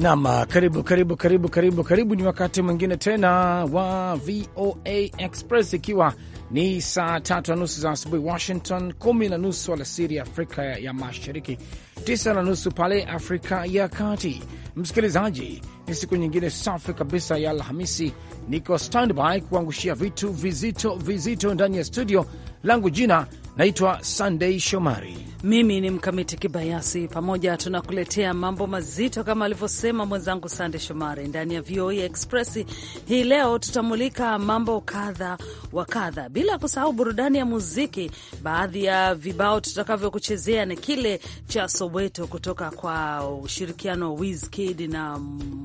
Nam, ah, karibu karibu karibu karibu karibu, ni wakati mwingine tena wa VOA Express, ikiwa ni saa tatu na nusu za asubuhi Washington, kumi na nusu alasiri ya Afrika ya Mashariki, tisa na nusu pale Afrika ya Kati. Msikilizaji, ni siku nyingine safi kabisa ya Alhamisi. Niko standby kuangushia vitu vizito vizito ndani ya studio langu. Jina naitwa Sunday Shomari, mimi ni mkamiti kibayasi. Pamoja tunakuletea mambo mazito kama alivyosema mwenzangu Sande Shomari ndani ya VOA e Express. Hii leo tutamulika mambo kadha wa kadha bila kusahau burudani ya muziki. Baadhi ya vibao tutakavyokuchezea ni kile cha Soweto kutoka kwa ushirikiano wa Wizkid na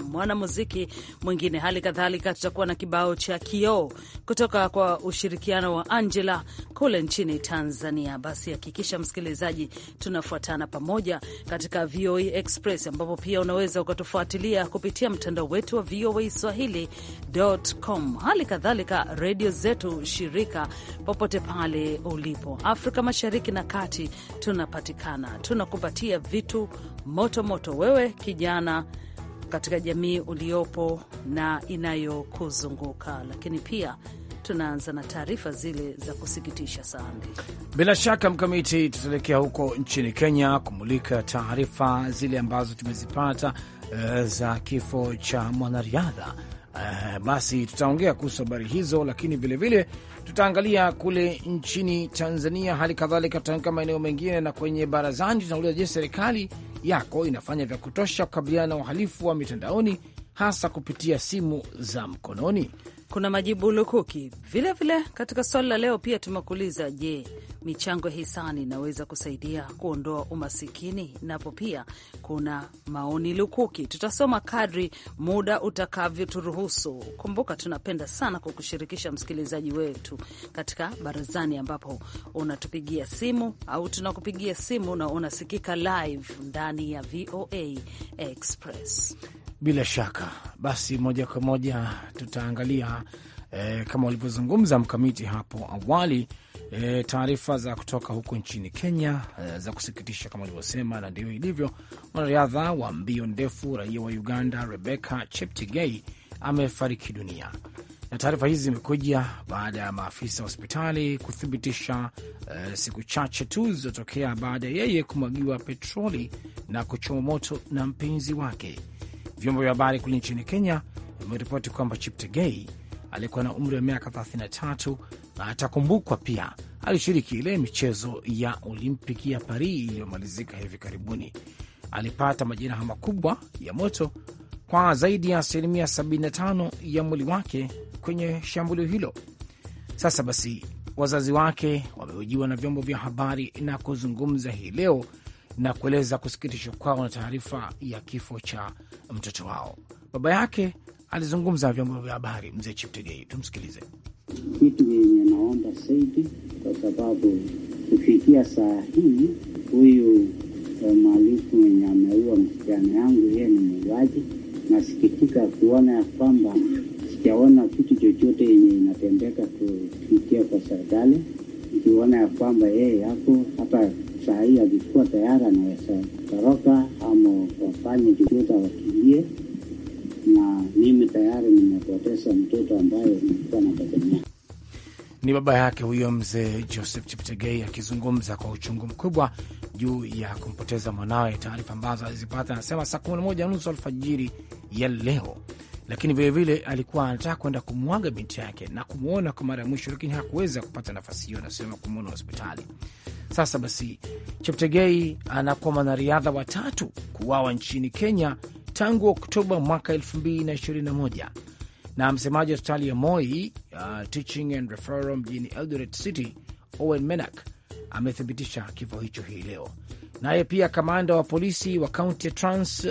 mwanamuziki mwingine. Hali kadhalika tutakuwa na kibao cha Kioo kutoka kwa ushirikiano wa Angela kule nchini Tanzania. Basi hakikisha msikilizaji, tunafuatana pamoja katika VOA e Express, ambapo pia unaweza ukatufuatilia kupitia mtandao wetu wa VOA e Swahili.com, hali kadhalika redio zetu shirika popote pale ulipo. Afrika Mashariki na Kati tunapatikana, tunakupatia vitu moto moto, wewe kijana katika jamii uliopo na inayokuzunguka lakini pia tunaanza na taarifa zile za kusikitisha sana. Bila shaka Mkamiti, tutaelekea huko nchini Kenya kumulika taarifa zile ambazo tumezipata uh, za kifo cha mwanariadha Uh, basi tutaongea kuhusu habari hizo, lakini vilevile tutaangalia kule nchini Tanzania, hali kadhalika tutaangalia maeneo mengine, na kwenye barazani tunauliza, je, serikali yako inafanya vya kutosha kukabiliana na uhalifu wa mitandaoni hasa kupitia simu za mkononi? kuna majibu lukuki vilevile. Katika swali la leo pia tumekuuliza, je, michango ya hisani inaweza kusaidia kuondoa umasikini? Napo pia kuna maoni lukuki, tutasoma kadri muda utakavyoturuhusu. Kumbuka, tunapenda sana kukushirikisha msikilizaji wetu katika barazani, ambapo unatupigia simu au tunakupigia simu na unasikika live ndani ya VOA Express. Bila shaka basi, moja kwa moja tutaangalia e, kama walivyozungumza mkamiti hapo awali e, taarifa za kutoka huko nchini Kenya e, za kusikitisha kama walivyosema, na ndio ilivyo. Mwanariadha wa mbio ndefu raia wa Uganda Rebecca Cheptegei amefariki dunia, na taarifa hizi zimekuja baada ya maafisa wa hospitali kuthibitisha e, siku chache tu zilizotokea baada ya yeye kumwagiwa petroli na kuchoma moto na mpenzi wake. Vyombo vya habari kule nchini Kenya vimeripoti kwamba Cheptegei alikuwa na umri wa miaka 33 na atakumbukwa pia alishiriki ile michezo ya Olimpiki ya Paris iliyomalizika hivi karibuni. Alipata majeraha makubwa ya moto kwa zaidi ya asilimia 75 ya mwili wake kwenye shambulio hilo. Sasa basi, wazazi wake wamehojiwa na vyombo vya habari na kuzungumza hii leo na kueleza kusikitishwa kwao na taarifa ya kifo cha mtoto wao. Baba yake alizungumza vyombo vya habari, mzee Cheptegei. Tumsikilize. Kitu yenye naomba zaidi, kwa sababu kufikia saa hii huyu eh, mhalifu mwenye ameua msichana yangu, yeye ni muuaji. Nasikitika kuona ya kwamba sijaona kitu chochote yenye inatendeka kufikia kwa serikali, ikiona ya kwamba yeye yako hapa sahii alikuwa tayari anaweza toroka ama wafanye chochote wakilie na mimi tayari nimepoteza mtoto ambaye nilikuwa nategemea. Ni baba yake huyo mzee Joseph Cheptegei akizungumza kwa uchungu mkubwa juu ya kumpoteza mwanawe, taarifa ambazo alizipata anasema saa kumi na moja nusu alfajiri ya leo lakini vilevile alikuwa anataka kwenda kumwaga binti yake na kumwona kwa mara ya mwisho, lakini hakuweza kupata nafasi hiyo, anasema kumwona hospitali. Sasa basi, Cheptegei anakuwa mwanariadha watatu kuuawa nchini Kenya tangu Oktoba mwaka 2021 na msemaji wa hospitali ya Moi uh, Teaching and Referral mjini Eldoret City, Owen Menak amethibitisha kifo hicho hii leo. Naye pia kamanda wa polisi wa kaunti ya Trans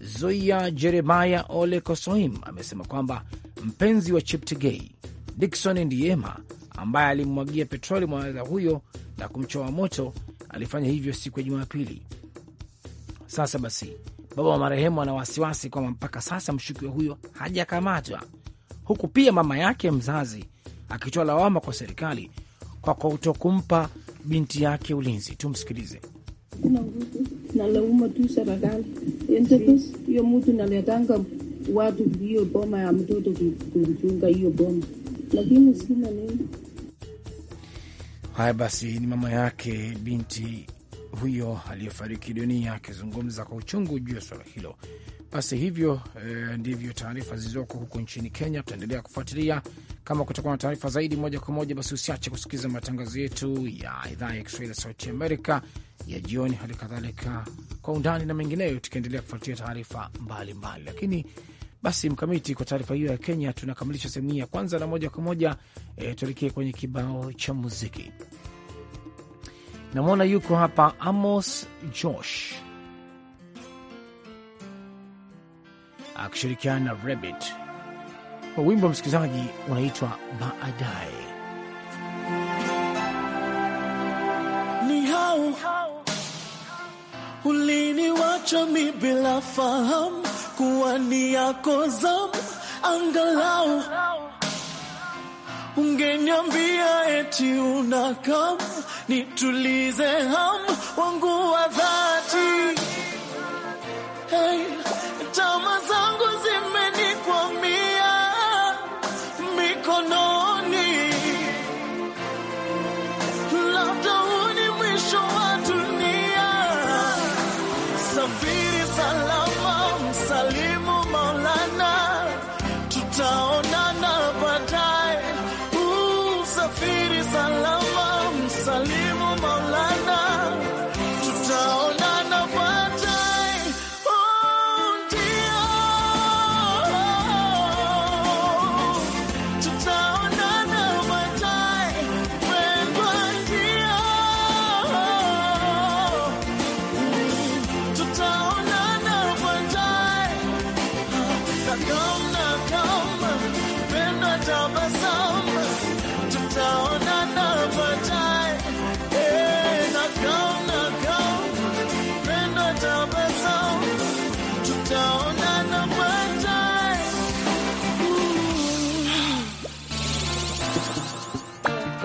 zoia Jeremaya Ole Kosoim amesema kwamba mpenzi wa Cheptegei Dikson Ndiema ambaye alimwagia petroli mwanadada huyo na kumchoma moto alifanya hivyo siku ya Jumapili. Sasa basi, baba wa marehemu ana wasiwasi kwamba mpaka sasa mshukiwa huyo hajakamatwa, huku pia mama yake mzazi akitoa lawama kwa serikali kwa kutokumpa binti yake ulinzi. Tumsikilize hakuna mtu nalauma tu serikali. Entepe hiyo mtu naletanga watu hiyo boma ya mtoto kuchunga hiyo boma, lakini sina nini. Haya basi, ni mama yake binti huyo aliyefariki dunia akizungumza kwa uchungu juu ya swala hilo. Basi hivyo eh, ndivyo taarifa zilizoko huko nchini Kenya. Tutaendelea kufuatilia kama kutakuwa na taarifa zaidi moja kwa moja. Basi usiache kusikiliza matangazo yetu ya idhaa ya Kiswahili ya Sauti Amerika ya jioni, hali kadhalika kwa undani na mengineyo, tukiendelea kufuatilia taarifa mbalimbali. Lakini basi Mkamiti, kwa taarifa hiyo ya Kenya tunakamilisha sehemu hii ya kwanza, na moja kwa moja e, tuelekee kwenye kibao cha muziki namwona yuko hapa Amos Josh akishirikiana na Rebit kwa wimbo msikilizaji unaitwa Baadaye. Ni hao uliniwacha mi bila fahamu kuwa ni yako zamu angalau Ungeniambia eti una kam nitulize ham wangu wa dhati hey.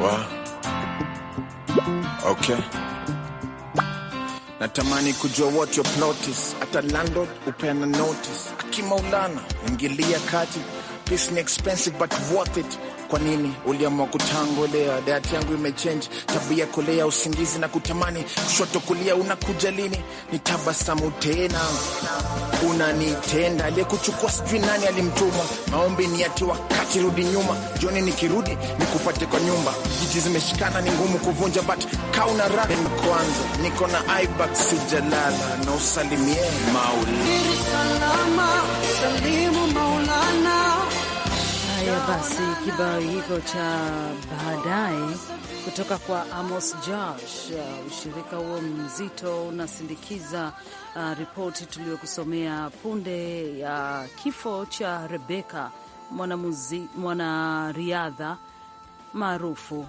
Wow. Okay. Natamani kujua what your plot is. Hata landlord upeana notice. Akimaulana, ingilia kati. Peace ni expensive but worth it. Kwa nini uliamua kutangolea? Dayati yangu imechange tabia, kulea usingizi na kutamani kushoto kulia, unakuja lini? Ni tabasamu tena unanitenda, aliyekuchukua sijui nani alimtuma. Maombi ni ati wakati rudi nyuma, jioni nikirudi nikupate kwa nyumba. Jiji zimeshikana ni ngumu kuvunja, but kauna raha kwanza, niko na ibak sijalala, na usalimie salimu basi kibao hiko cha baadaye kutoka kwa Amos Josh. Uh, ushirika huo mzito unasindikiza uh, ripoti tuliyokusomea punde ya uh, kifo cha Rebeka, mwanariadha mwana maarufu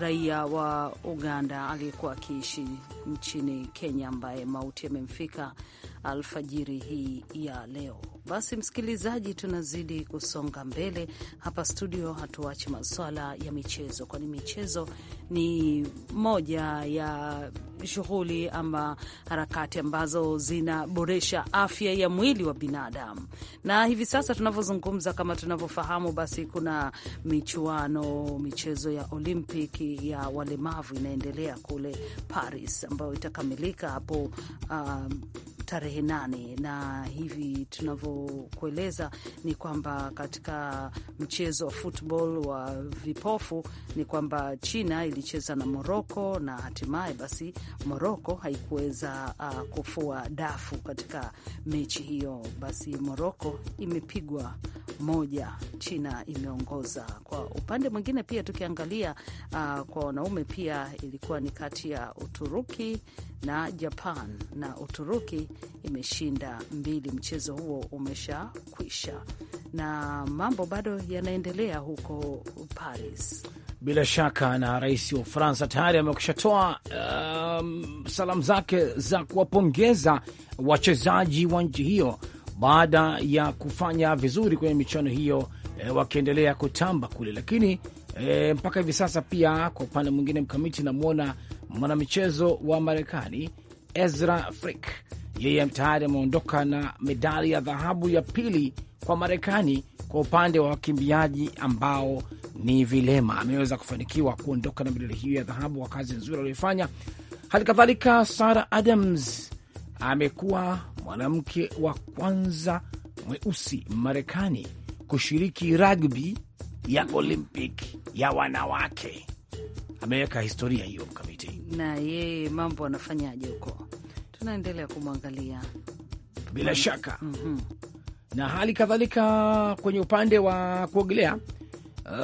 raia wa Uganda aliyekuwa akiishi nchini Kenya, ambaye mauti yamemfika alfajiri hii ya leo. Basi msikilizaji, tunazidi kusonga mbele hapa studio, hatuachi maswala ya michezo, kwani michezo ni moja ya shughuli ama harakati ambazo zinaboresha afya ya mwili wa binadamu. Na hivi sasa tunavyozungumza, kama tunavyofahamu, basi kuna michuano, michezo ya olympic ya walemavu inaendelea kule Paris, ambayo itakamilika hapo um, tarehe nane, na hivi tunavyokueleza ni kwamba katika mchezo wa football wa vipofu ni kwamba China ilicheza na Moroko na hatimaye basi Moroko haikuweza uh, kufua dafu katika mechi hiyo. Basi Moroko imepigwa moja, China imeongoza. Kwa upande mwingine pia tukiangalia uh, kwa wanaume pia ilikuwa ni kati ya Uturuki na Japan na Uturuki imeshinda mbili. Mchezo huo umeshakwisha na mambo bado yanaendelea huko Paris. Bila shaka na rais wa Ufaransa tayari amekushatoa um, salamu zake za kuwapongeza wachezaji wa nchi hiyo baada ya kufanya vizuri kwenye michuano hiyo, e, wakiendelea kutamba kule, lakini e, mpaka hivi sasa pia kwa upande mwingine mkamiti namwona mwanamichezo wa Marekani Ezra Frick. Yeye tayari ameondoka na medali ya dhahabu ya pili kwa Marekani kwa upande wa wakimbiaji ambao ni vilema. Ameweza kufanikiwa kuondoka na medali hiyo ya dhahabu kwa kazi nzuri aliyoifanya. Hali kadhalika sara Adams amekuwa mwanamke wa kwanza mweusi Marekani kushiriki ragbi ya Olympic ya wanawake. Ameweka historia hiyo mkamiti na yeye mambo anafanyaje huko, tunaendelea kumwangalia bila mm-hmm. shaka mm -hmm. na hali kadhalika kwenye upande wa kuogelea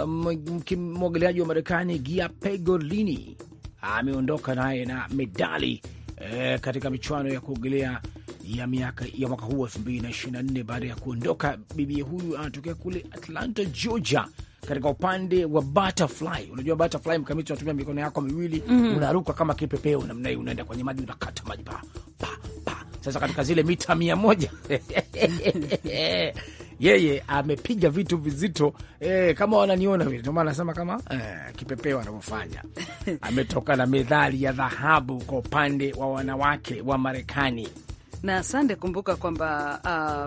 um, mwogeleaji um, wa Marekani Gia Pegolini ameondoka naye na medali eh, katika michuano ya kuogelea ya miaka ya mwaka huu elfu mbili na ishirini na nne baada ya kuondoka. Bibi huyu anatokea kule Atlanta, Georgia katika upande wa butterfly. Unajua butterfly mkamiti, unatumia mikono yako miwili mm -hmm. unaruka kama kipepeo namna hii, unaenda kwenye maji, unakata maji pa pa pa. Sasa katika zile mita mia moja yeye amepiga vitu vizito eh, kama wananiona vile, ndio maana anasema kama eh, kipepeo anavyofanya. Ametoka na medali ya dhahabu kwa upande wa wanawake wa Marekani na sande. Kumbuka kwamba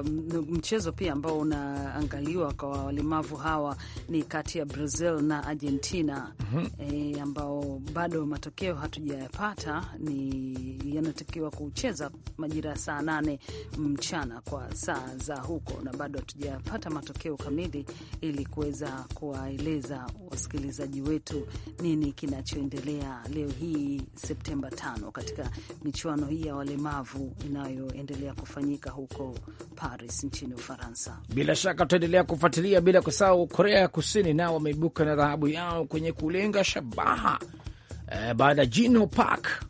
uh, mchezo pia ambao unaangaliwa kwa walemavu hawa ni kati ya Brazil na Argentina mm -hmm. e, ambao bado matokeo hatujayapata, ni yanatakiwa kucheza majira ya saa nane mchana kwa saa za huko, na bado hatujayapata matokeo kamili ili kuweza kuwaeleza wasikilizaji wetu nini kinachoendelea leo hii Septemba tano katika michuano hii ya walemavu inayo yanayoendelea kufanyika huko Paris nchini Ufaransa. Bila shaka tutaendelea kufuatilia, bila kusahau Korea ya Kusini nao wameibuka na dhahabu yao kwenye kulenga shabaha eh, baada ya Jino Park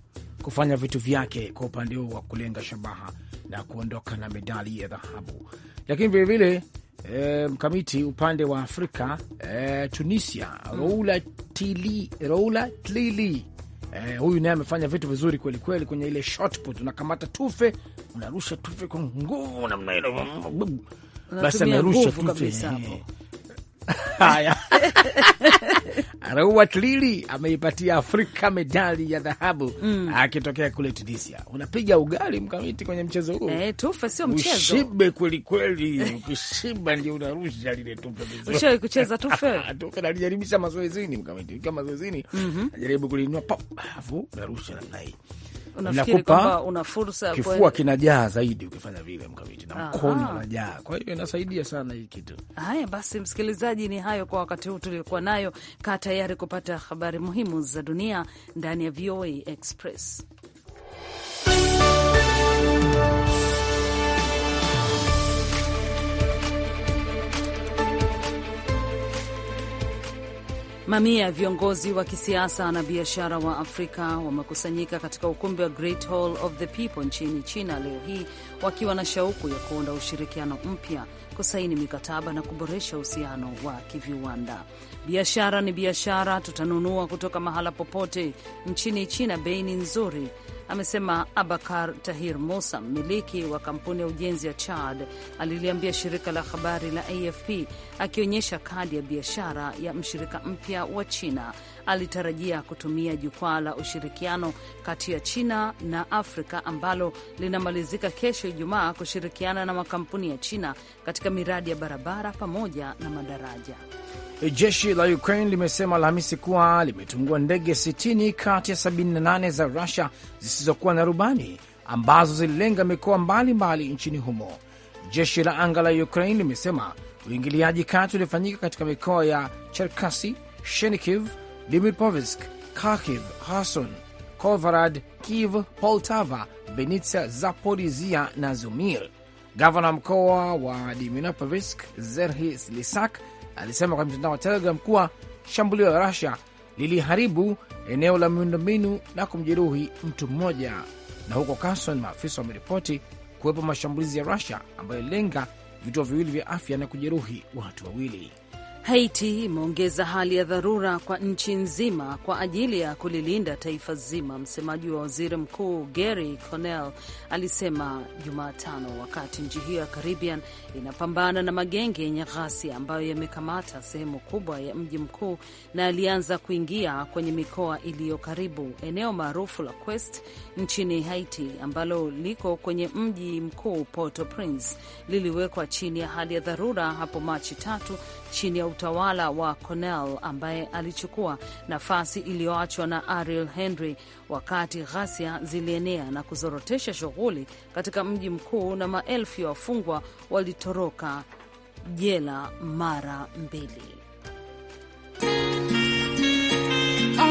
kufanya vitu vyake kwa upande huo wa kulenga shabaha na kuondoka na medali ya dhahabu. Lakini vilevile eh, mkamiti upande wa Afrika eh, Tunisia, hmm. Roula Tili, Roula Tlili Eh, huyu naye amefanya vitu vizuri kweli kweli kwenye ile shot put, unakamata tufe, unarusha tufe kwa nguvu namna ile, basi amerusha tufe Haya, Araua Tlili ameipatia Afrika medali ya dhahabu mm. akitokea kule Tunisia. Unapiga ugali mkamiti kwenye mchezo huu eh, tufe sio mchezo, ushibe kwelikweli. Ukishiba ndio unarusha lile tufe vizuri. Ushawahi kucheza tufe? Tufe nalijaribisha mazoezini mkamiti, ikiwa mazoezini mm -hmm. kuliinua pop, alafu narusha namna hii inakupa una fursa, kifua kinajaa zaidi ukifanya vile mkamiti, na ah, mkono ah. unajaa, kwa hiyo inasaidia sana hii kitu. Haya basi, msikilizaji, ni hayo kwa wakati huu tuliokuwa nayo. Kaa tayari kupata habari muhimu za dunia ndani ya VOA Express. Mamia ya viongozi wa kisiasa na biashara wa Afrika wamekusanyika katika ukumbi wa Great Hall of the People nchini China leo hii wakiwa na shauku ya kuunda ushirikiano mpya, kusaini mikataba na kuboresha uhusiano wa kiviwanda. Biashara ni biashara, tutanunua kutoka mahala popote. Nchini China bei ni nzuri, amesema Abakar Tahir Musa, mmiliki wa kampuni ya ujenzi ya Chad, aliliambia shirika la habari la AFP akionyesha kadi ya biashara ya mshirika mpya wa China. Alitarajia kutumia jukwaa la ushirikiano kati ya China na Afrika ambalo linamalizika kesho Ijumaa, kushirikiana na makampuni ya China katika miradi ya barabara pamoja na madaraja. Jeshi la Ukraine limesema Alhamisi kuwa limetungua ndege 60 kati ya 78 za Rusia zisizokuwa na rubani ambazo zililenga mikoa mbalimbali nchini humo. Jeshi la anga la Ukraine limesema uingiliaji kati ulifanyika katika mikoa ya Cherkasi, Shenikiv, dimipovisk Kharkiv, Kherson, Kovarad, Kiev, Poltava, Vinnytsia, Zaporizia na Zumir. Gavana mkoa wa Dnipropetrovsk Zerhi Lisak alisema kwenye mtandao wa Telegram kuwa shambulio la rusia liliharibu eneo la miundombinu na kumjeruhi mtu mmoja. Na huko Kherson, maafisa wameripoti kuwepo mashambulizi ya Russia ambayo lenga vituo viwili vya afya na kujeruhi watu wawili. Haiti imeongeza hali ya dharura kwa nchi nzima kwa ajili ya kulilinda taifa zima, msemaji wa waziri mkuu Gary Connell alisema Jumatano, wakati nchi hiyo ya Caribbean inapambana na magenge yenye ghasia ambayo yamekamata sehemu kubwa ya mji mkuu na alianza kuingia kwenye mikoa iliyo karibu. Eneo maarufu la Quest nchini Haiti ambalo liko kwenye mji mkuu Port-au-Prince liliwekwa chini ya hali ya dharura hapo Machi tatu chini ya utawala wa Cornell ambaye alichukua nafasi iliyoachwa na Ariel Henry wakati ghasia zilienea na kuzorotesha shughuli katika mji mkuu na maelfu ya wafungwa walitoroka jela mara mbili. Oh,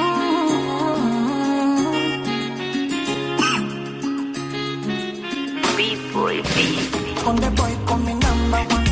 oh, oh.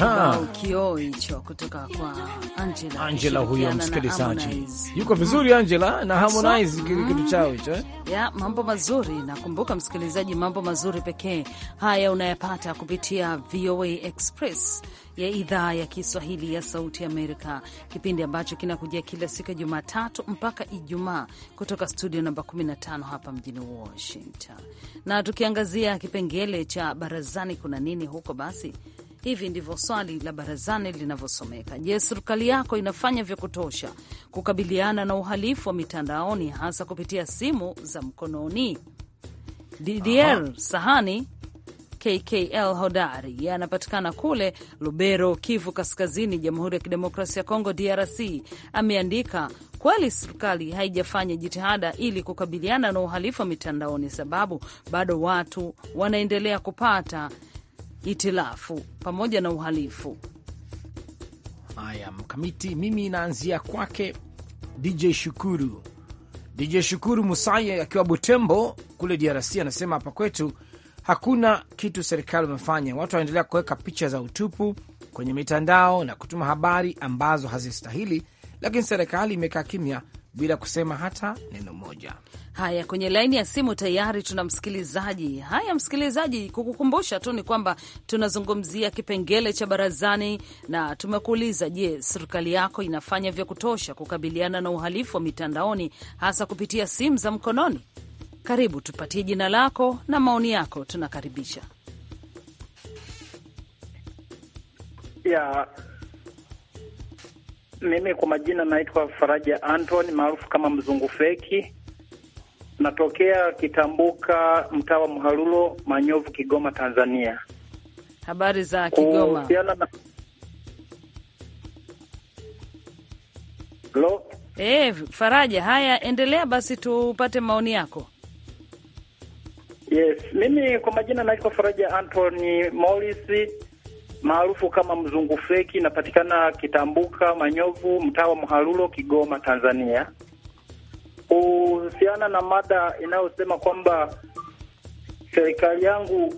basi kioo hicho kutoka kwa Angela, Angela huyo msikilizaji yuko vizuri hmm. Angela na Harmonize so, mm, kitu chao hicho eh? ya mambo mazuri. Nakumbuka msikilizaji, mambo mazuri pekee haya unayapata kupitia VOA Express ya idhaa ya Kiswahili ya Sauti ya Amerika, kipindi ambacho kinakujia kila siku ya Jumatatu mpaka Ijumaa kutoka studio namba 15 hapa mjini Washington, na tukiangazia kipengele cha barazani, kuna nini huko basi Hivi ndivyo swali la barazani linavyosomeka: Je, serikali yako inafanya vya kutosha kukabiliana na uhalifu wa mitandaoni hasa kupitia simu za mkononi? DDL Sahani KKL Hodari yeye anapatikana kule Lubero, Kivu Kaskazini, Jamhuri ya Kidemokrasia ya Kongo, DRC. Ameandika, kweli serikali haijafanya jitihada ili kukabiliana na uhalifu wa mitandaoni, sababu bado watu wanaendelea kupata itilafu pamoja na uhalifu. Haya, Mkamiti, mimi naanzia kwake DJ Shukuru. DJ Shukuru musaye akiwa Butembo kule DRC anasema hapa kwetu hakuna kitu serikali wamefanya. Watu wanaendelea kuweka picha za utupu kwenye mitandao na kutuma habari ambazo hazistahili, lakini serikali imekaa kimya bila kusema hata neno moja. Haya, kwenye laini ya simu tayari tuna msikilizaji. Haya msikilizaji, kukukumbusha tu ni kwamba tunazungumzia kipengele cha barazani na tumekuuliza, je, serikali yako inafanya vya kutosha kukabiliana na uhalifu wa mitandaoni hasa kupitia simu za mkononi? Karibu, tupatie jina lako na maoni yako, tunakaribisha yeah. Mimi kwa majina naitwa Faraja Anton maarufu kama Mzungu Feki, natokea Kitambuka, mtaa wa Mharulo, Manyovu, Kigoma, Tanzania. Habari za Kigoma. Eh, Faraja, haya endelea basi tupate maoni yako. Yes, mimi kwa majina naitwa Faraja Anthony Morris maarufu kama mzungu feki, inapatikana Kitambuka, Manyovu, mtaa wa Mharulo, Kigoma, Tanzania. Kuhusiana na mada inayosema kwamba serikali yangu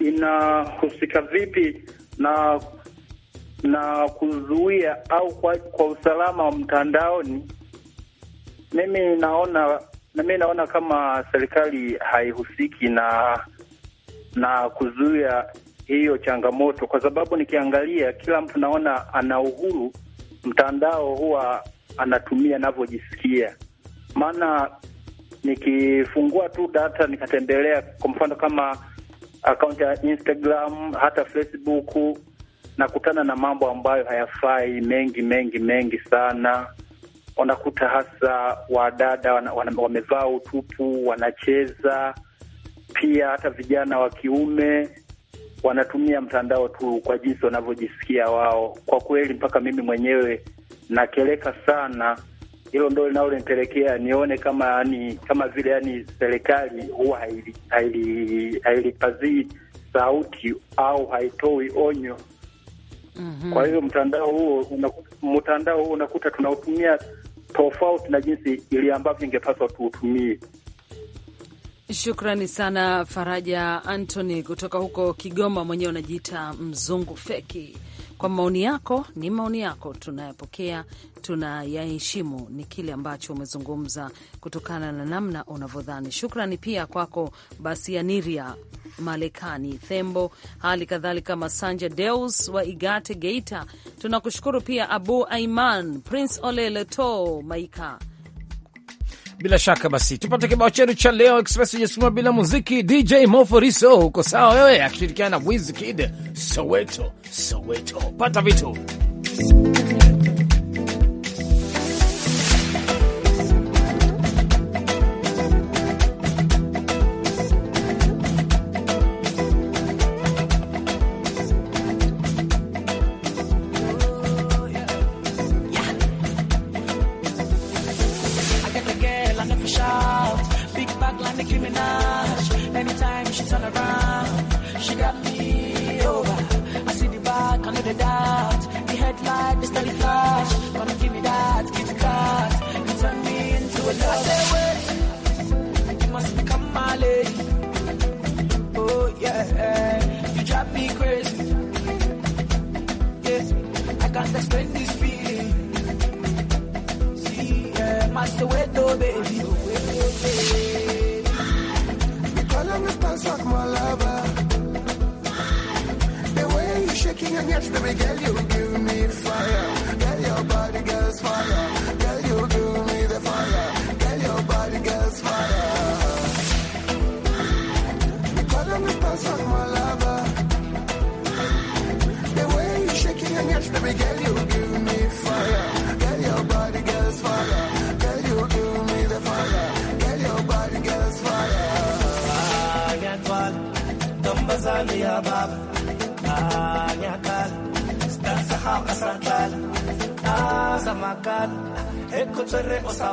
inahusika vipi na na kuzuia au kwa, kwa usalama wa mtandaoni, mimi naona mimi naona kama serikali haihusiki na na kuzuia hiyo changamoto, kwa sababu nikiangalia kila mtu naona ana uhuru, mtandao huwa anatumia anavyojisikia. Maana nikifungua tu data nikatembelea, kwa mfano kama akaunti ya Instagram hata Facebook, nakutana na mambo ambayo hayafai mengi mengi mengi sana. wanakuta hasa wadada wamevaa utupu, wanacheza pia hata vijana wa kiume wanatumia mtandao tu kwa jinsi wanavyojisikia wao. Kwa kweli, mpaka mimi mwenyewe nakeleka sana. Hilo ndo linalonipelekea nione kama yani, kama vile yani serikali huwa hailipazii sauti au haitoi onyo. mm -hmm. Kwa hiyo mtandao huo mtandao huo unakuta tunautumia tofauti na jinsi ili ambavyo ingepaswa tuutumie. Shukrani sana Faraja antony kutoka huko Kigoma, mwenyewe unajiita mzungu feki. Kwa maoni yako, ni maoni yako, tunayapokea, tunayaheshimu. Ni kile ambacho umezungumza kutokana na namna unavyodhani. Shukrani pia kwako Basianiria Malekani Thembo, hali kadhalika Masanja Deus wa Igate Geita. Tunakushukuru pia Abu Aiman Prince Ole Leto Maika bila shaka basi tupate kibao chenu cha leo Express ujasukuma bila muziki. DJ Moforiso huko sawa wewe, akishirikiana na Wizkid Soweto, Soweto pata vitu man if you shout. Big back like Nicki Minaj. Anytime she turn around, she got me over. I see the back, under the doubt. The headlight, the steady flash. Gonna give me that, give me that. You turn me into a love. I say, wait, you must become my lady. Oh, yeah, you drive me crazy. Yeah, I can't explain this. must wait, oh baby. You calling me pants my lover. The way you shaking and yet, baby girl, you give me fire. Girl, your body, girl's fire. Girl, you give me the fire. Girl, your body, girl's fire. pants my lover. The way you shaking and yet, baby girl, you give الشباب آه يا قال استرسخا وقسرتال آه سماكال ekutswere o sa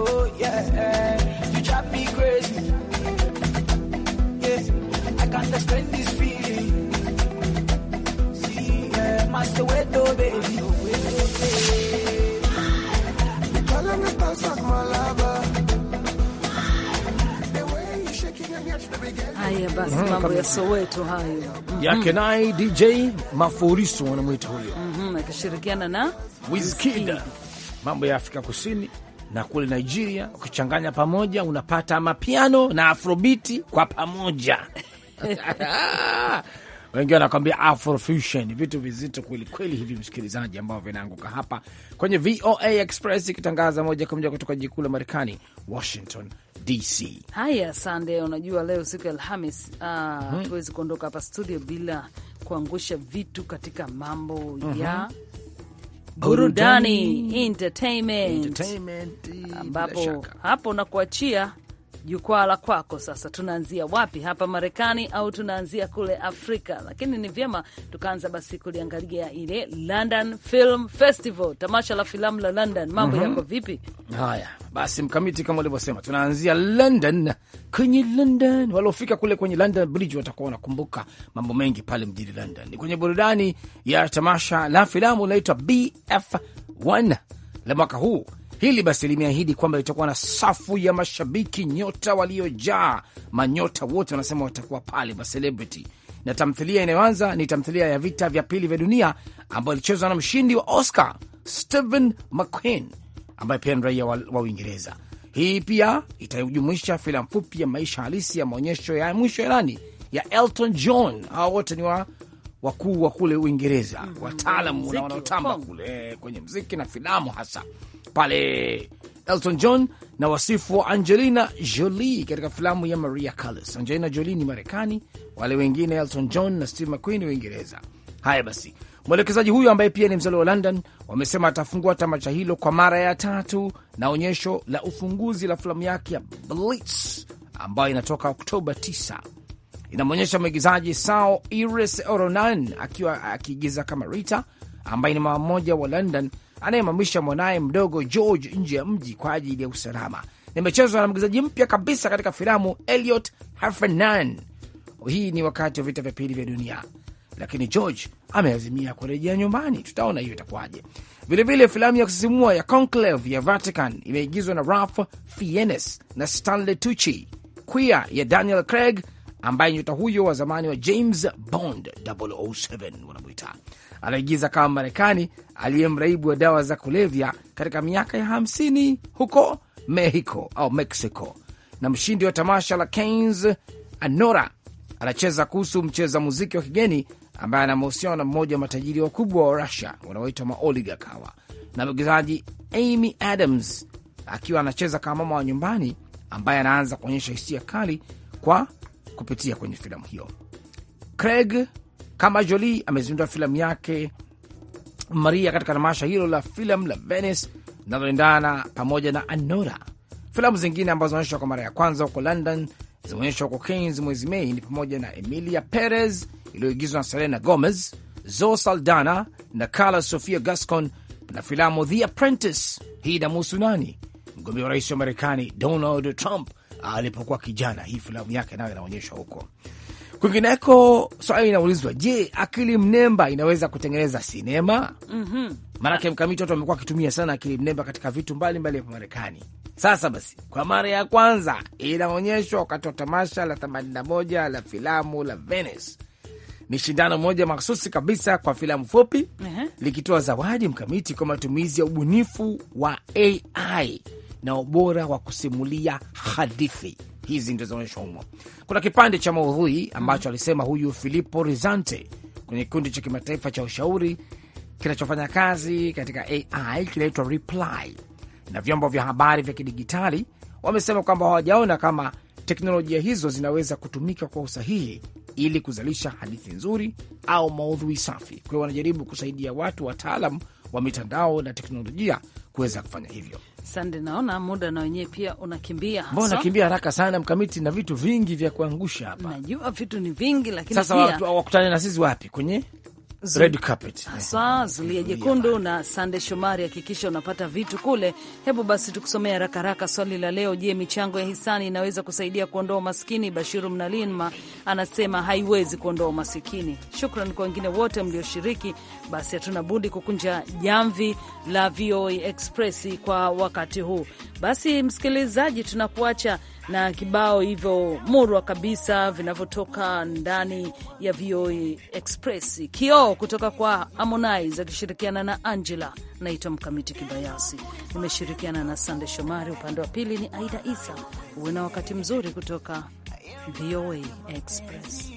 Oh yeah, you drive me crazy. Yeah, I can't explain this feeling. See, eh, oh, yeah, master way though, baby. Haya basi, mm, ya Soweto hayo mm -hmm. yake naye DJ Mafuriso wanamwita huyo mhm, akishirikiana na Wizkid. Mambo ya Afrika Kusini na kule Nigeria, ukichanganya pamoja unapata mapiano na afrobiti kwa pamoja wengine wanakwambia Afrofusion, vitu vizito kwelikweli hivi, msikilizaji, ambavyo vinaanguka hapa kwenye VOA Express ikitangaza moja kwa moja kutoka jiji kuu la Marekani, Washington DC. Haya, Sande, unajua leo siku ya Alhamis ah, mhm. hatuwezi hmm, kuondoka hapa studio bila kuangusha vitu katika mambo uh mhm. -huh, ya burudani entertainment, ambapo hapo nakuachia jukwaa la kwako. Sasa tunaanzia wapi, hapa Marekani au tunaanzia kule Afrika? Lakini ni vyema tukaanza basi kuliangalia ile London Film Festival, tamasha la filamu la London. Mambo mm -hmm. yako vipi? Haya basi, mkamiti kama ulivyosema, tunaanzia London. Kwenye London, waliofika kule kwenye London Bridge watakuwa wanakumbuka mambo mengi pale mjini London. Ni kwenye burudani ya tamasha la filamu inaitwa BF1 la mwaka huu Hili basi limeahidi kwamba litakuwa na safu ya mashabiki nyota waliojaa, manyota wote wanasema watakuwa pale macelebrity na tamthilia inayoanza ni tamthilia ya vita vya pili vya dunia ambayo ilichezwa na mshindi wa Oscar Stephen McQueen ambaye pia ni raia wa Uingereza. Hii pia itajumuisha filamu fupi ya maisha halisi ya maonyesho ya mwisho ya nani ya Elton John. Hawa wote ni wa wakuu wa kule Uingereza mm -hmm. wataalam wanaotamba kule kwenye mziki na filamu hasa pale Elton John na wasifu wa Angelina Jolie katika filamu ya Maria Callas. Angelina Jolie ni Marekani, wale wengine Elton John na Steve McQueen ni Uingereza. Haya basi, mwelekezaji huyo ambaye pia ni mzaliwa wa London wamesema atafungua tamasha hilo kwa mara ya tatu na onyesho la ufunguzi la filamu yake ya Blitz ambayo inatoka Oktoba 9 inamwonyesha mwigizaji Sao Iris Oronan akiwa akiigiza kama Rita ambaye ni mama mmoja wa London anayemamisha mwanaye mdogo George nje ya mji kwa ajili ya usalama. Nimechezwa na mwigizaji mpya kabisa katika filamu Elliot Heffernan. Hii ni wakati wa vita vya pili vya dunia, lakini George ameazimia kurejea nyumbani. Tutaona hiyo itakuwaje. Vilevile filamu ya kusisimua ya Conclave ya Vatican imeigizwa na Ralph Fiennes na Stanley Tucci. Queer ya Daniel Craig ambaye nyota huyo wa zamani wa James Bond 007 wanamwita anaigiza kama Marekani aliye mraibu wa dawa za kulevya katika miaka ya 50 huko Mexico au Mexico, na mshindi wa tamasha la Cannes Anora anacheza kuhusu mcheza muziki wa kigeni ambaye ana mahusiano na mmoja wa matajiri wakubwa wa Rusia wanaoitwa maoligak hawa, na mwigizaji Amy Adams akiwa anacheza kama mama wa nyumbani ambaye anaanza kuonyesha hisia kali kwa kupitia kwenye filamu hiyo. Craig kama Jolie amezindua filamu yake Maria katika tamasha hilo la filamu la Venice linaloendana pamoja na Anora. Filamu zingine ambazo zinaonyeshwa kwa mara ya kwanza huko London zimeonyeshwa huko Cannes mwezi Mei ni pamoja na Emilia Perez iliyoigizwa na Selena Gomez, Zoe Saldana na Carla Sofia Gascon na filamu The Apprentice. Hii inamuhusu nani? Mgombea wa rais wa Marekani Donald Trump Ah, alipokuwa kijana. Hii filamu yake nayo inaonyeshwa huko. Kwingineko swali so inaulizwa, je, akili mnemba inaweza kutengeneza sinema? Mhm. Maanake mm -hmm. mkamiti, watu wamekuwa wakitumia sana akili mnemba katika vitu mbalimbali vya Marekani. Sasa basi, kwa mara ya kwanza inaonyeshwa wakati wa tamasha la 81 la filamu la Venice. Ni shindano moja mahsusi kabisa kwa filamu fupi, uh -huh. likitoa zawadi mkamiti kwa matumizi ya ubunifu wa AI na ubora wa kusimulia hadithi hizi ndio zinaonyeshwa humo. Kuna kipande cha maudhui ambacho alisema huyu Filippo Risante kwenye kikundi cha kimataifa cha ushauri kinachofanya kazi katika AI kinaitwa Reply, na vyombo vya habari vya kidigitali wamesema kwamba hawajaona kama teknolojia hizo zinaweza kutumika kwa usahihi ili kuzalisha hadithi nzuri au maudhui safi. Kwa hiyo wanajaribu kusaidia watu wataalam wa mitandao na teknolojia kuweza kufanya hivyo. Sande, naona muda na wenyewe pia unakimbia. Mbona unakimbia haraka sana mkamiti, na vitu vingi vya kuangusha hapa. Najua vitu ni vingi, lakini sasa wakutane na sisi wapi kwenye red carpet haswa zulia jekundu na Sande Shomari, hakikisha unapata vitu kule. Hebu basi tukusomea haraka haraka swali la leo. Je, michango ya hisani inaweza kusaidia kuondoa umasikini? Bashiru Mnalinma anasema haiwezi kuondoa umasikini. Shukran kwa wengine wote mlioshiriki. Basi hatuna budi kukunja jamvi la VOA Express kwa wakati huu. Basi msikilizaji, tunakuacha na kibao hivyo murwa kabisa vinavyotoka ndani ya VOA Express, kioo kutoka kwa Harmonize akishirikiana na Angela. Naitwa Mkamiti Kibayasi, nimeshirikiana na Sande Shomari, upande wa pili ni Aida Isa. Uwe na wakati mzuri kutoka VOA Express.